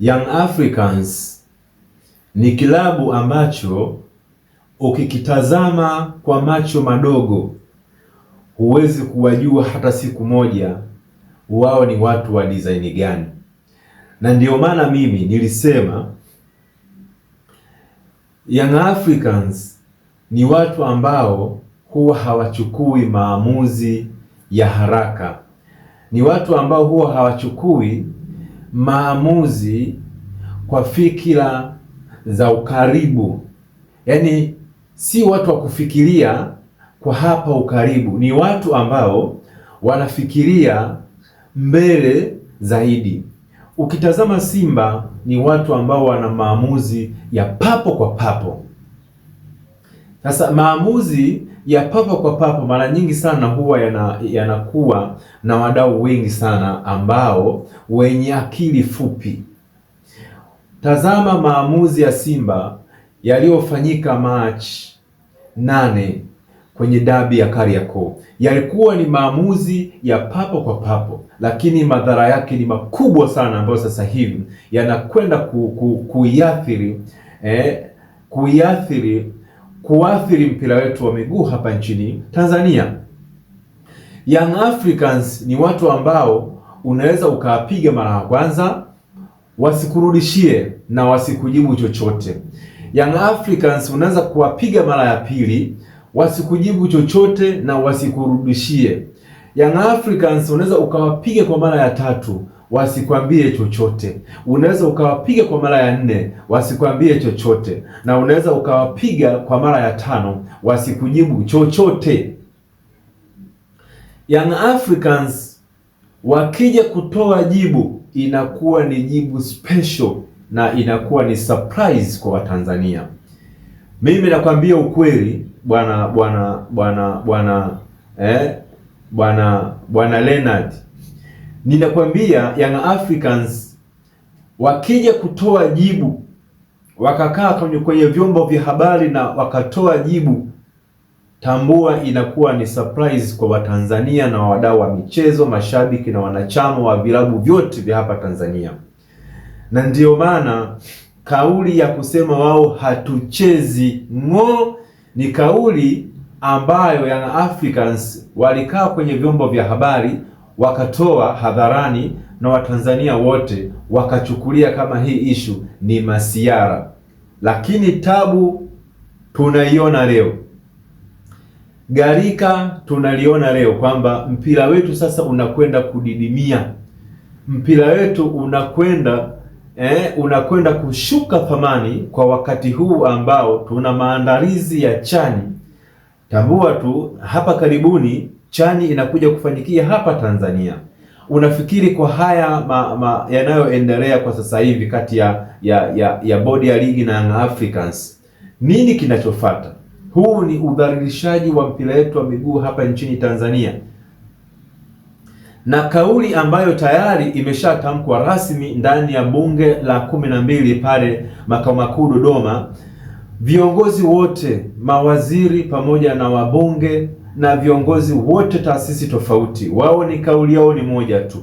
Young Africans ni kilabu ambacho ukikitazama kwa macho madogo huwezi kuwajua hata siku moja wao ni watu wa design gani, na ndio maana mimi nilisema Young Africans ni watu ambao huwa hawachukui maamuzi ya haraka, ni watu ambao huwa hawachukui maamuzi kwa fikira za ukaribu, yaani si watu wa kufikiria kwa hapa ukaribu, ni watu ambao wanafikiria mbele zaidi. Ukitazama Simba ni watu ambao wana maamuzi ya papo kwa papo. Sasa maamuzi ya papo kwa papo mara nyingi sana huwa yanakuwa yana na wadau wengi sana ambao wenye akili fupi. Tazama maamuzi ya Simba yaliyofanyika Machi nane kwenye dabi ya Kariakoo yalikuwa ni maamuzi ya papo kwa papo, lakini madhara yake ni makubwa sana, ambayo sasa hivi yanakwenda ku, ku, kuiathiri eh, kuiathiri kuathiri mpira wetu wa miguu hapa nchini Tanzania. Young Africans ni watu ambao unaweza ukawapiga mara ya kwanza wasikurudishie na wasikujibu chochote. Young Africans unaweza kuwapiga mara ya pili wasikujibu chochote na wasikurudishie. Young Africans unaweza ukawapiga kwa mara ya tatu wasikwambie chochote. Unaweza ukawapiga kwa mara ya nne, wasikwambie chochote, na unaweza ukawapiga kwa mara ya tano, wasikujibu chochote. Young Africans wakija kutoa jibu, inakuwa ni jibu special na inakuwa ni surprise kwa Watanzania. Mimi nakwambia ukweli, bwana bwana bwana bwana eh, bwana bwana Leonard ninakwambia Young Africans wakija kutoa jibu, wakakaa kwenye vyombo vya habari na wakatoa jibu, tambua inakuwa ni surprise kwa Watanzania na wadau wa michezo, mashabiki na wanachama wa vilabu vyote vya hapa Tanzania, na ndiyo maana kauli ya kusema wao hatuchezi ng'o ni kauli ambayo Young Africans walikaa kwenye vyombo vya habari wakatoa hadharani na Watanzania wote wakachukulia kama hii ishu ni masiara, lakini tabu tunaiona leo, gharika tunaliona leo, kwamba mpira wetu sasa unakwenda kudidimia, mpira wetu unakwenda eh, unakwenda kushuka thamani kwa wakati huu ambao tuna maandalizi ya chani. Tambua tu hapa karibuni chani inakuja kufanikia hapa Tanzania. Unafikiri kwa haya yanayoendelea kwa sasa hivi kati ya ya, ya, ya bodi ya ligi na Young Africans, nini kinachofuata? Huu ni udhalilishaji wa mpira wetu wa miguu hapa nchini Tanzania, na kauli ambayo tayari imeshatamkwa rasmi ndani ya bunge la kumi na mbili pale makao makuu Dodoma, viongozi wote, mawaziri pamoja na wabunge na viongozi wote taasisi tofauti, wao ni kauli yao ni moja tu.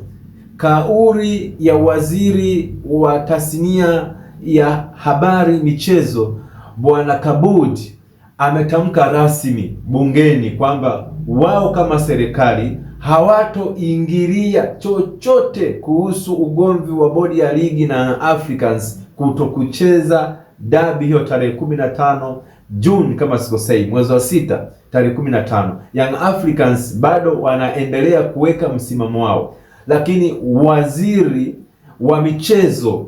Kauli ya waziri wa tasnia ya habari, michezo, Bwana Kabudi ametamka rasmi bungeni kwamba wao kama serikali hawatoingilia chochote kuhusu ugomvi wa bodi ya ligi na Africans kutokucheza dabi hiyo tarehe 15 Juni kama sikosei, mwezi wa sita tarehe 15. Young Africans bado wanaendelea kuweka msimamo wao, lakini waziri wa michezo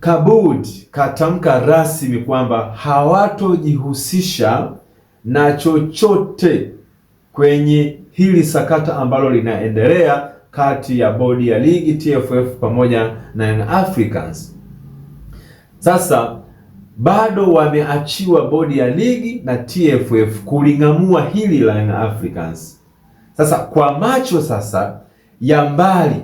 kabud katamka rasmi kwamba hawatojihusisha na chochote kwenye hili sakata ambalo linaendelea kati ya bodi ya ligi TFF pamoja na Young Africans. Sasa bado wameachiwa bodi ya ligi na TFF kuling'amua hili la Young Africans. Sasa kwa macho sasa ya mbali,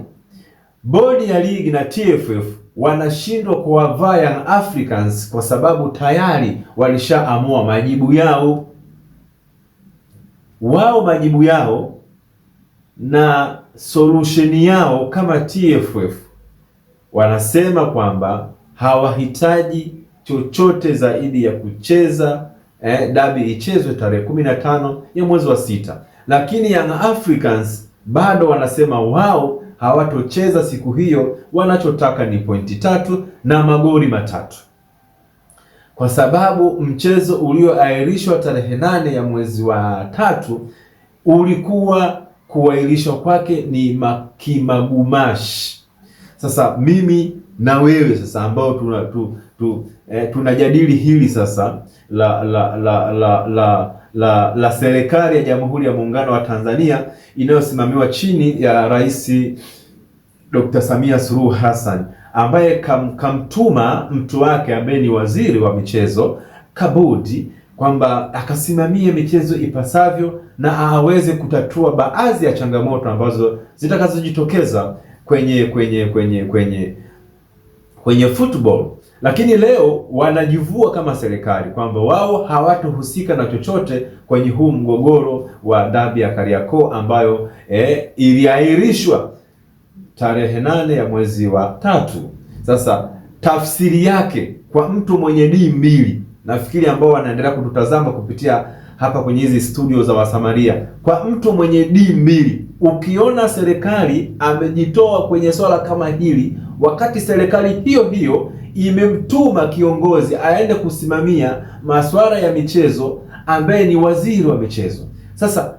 bodi ya ligi na TFF wanashindwa kuwavaa Young Africans kwa sababu tayari walishaamua majibu yao wao, majibu yao na solution yao kama TFF wanasema kwamba hawahitaji chochote zaidi ya kucheza eh, dabi ichezwe tarehe kumi na tano ya mwezi wa sita, lakini Young Africans bado wanasema wao hawatocheza siku hiyo. Wanachotaka ni pointi tatu na magoli matatu, kwa sababu mchezo ulioahirishwa tarehe nane ya mwezi wa tatu ulikuwa kuahirishwa kwake ni kimagumashi. Sasa mimi na wewe sasa ambao tuna tu tu, eh, tunajadili hili sasa la la la la la, la, la serikali ya Jamhuri ya Muungano wa Tanzania inayosimamiwa chini ya Rais Dr. Samia Suluhu Hassan ambaye kam, kamtuma mtu wake ambaye ni waziri wa michezo Kabudi kwamba akasimamie michezo ipasavyo na aweze kutatua baadhi ya changamoto ambazo zitakazojitokeza kwenye kwenye kwenye kwenye kwenye football lakini leo wanajivua kama serikali kwamba wao hawatohusika na chochote kwenye huu mgogoro wa dabi ya Kariakoo ambayo eh, iliahirishwa tarehe nane ya mwezi wa tatu. Sasa tafsiri yake kwa mtu mwenye dini mbili, nafikiri ambao wanaendelea kututazama kupitia hapa kwenye hizi studio za Wasamaria, kwa mtu mwenye dini mbili, ukiona serikali amejitoa kwenye swala kama hili, wakati serikali hiyo hiyo imemtuma kiongozi aende kusimamia masuala ya michezo ambaye ni waziri wa michezo. Sasa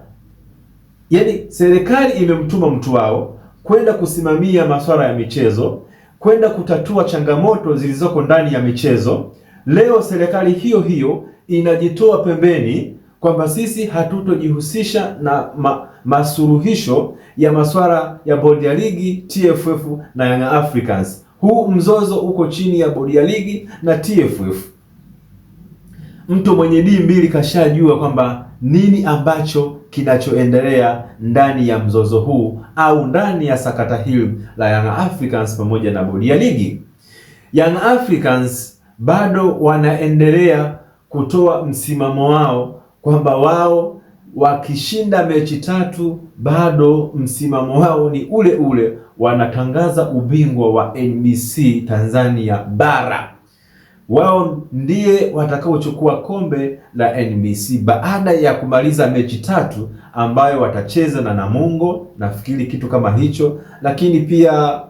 yani, serikali imemtuma mtu wao kwenda kusimamia masuala ya michezo, kwenda kutatua changamoto zilizoko ndani ya michezo. Leo serikali hiyo hiyo inajitoa pembeni kwamba sisi hatutojihusisha na ma, masuluhisho ya masuala ya bodi ya ligi TFF na Young Africans. Huu mzozo uko chini ya bodi ya ligi na TFF. Mtu mwenye dii mbili kashajua kwamba nini ambacho kinachoendelea ndani ya mzozo huu au ndani ya sakata hili la Young Africans pamoja na bodi ya ligi. Young Africans bado wanaendelea kutoa msimamo wao kwamba wao wakishinda mechi tatu bado msimamo wao ni ule ule wanatangaza ubingwa wa NBC Tanzania bara. Wao ndiye watakaochukua kombe la NBC baada ya kumaliza mechi tatu ambayo watacheza na Namungo, nafikiri kitu kama hicho, lakini pia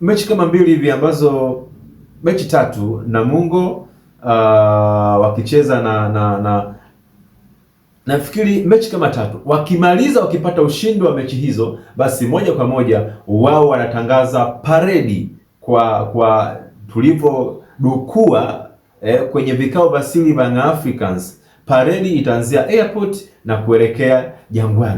mechi kama mbili hivi ambazo mechi tatu Namungo uh, wakicheza na na, na nafikiri mechi kama tatu, wakimaliza wakipata ushindi wa mechi hizo, basi moja kwa moja wao wanatangaza paredi kwa kwa tulivyodukua eh, kwenye vikao vya Silver Africans. Paredi itaanzia airport na kuelekea Jangwani.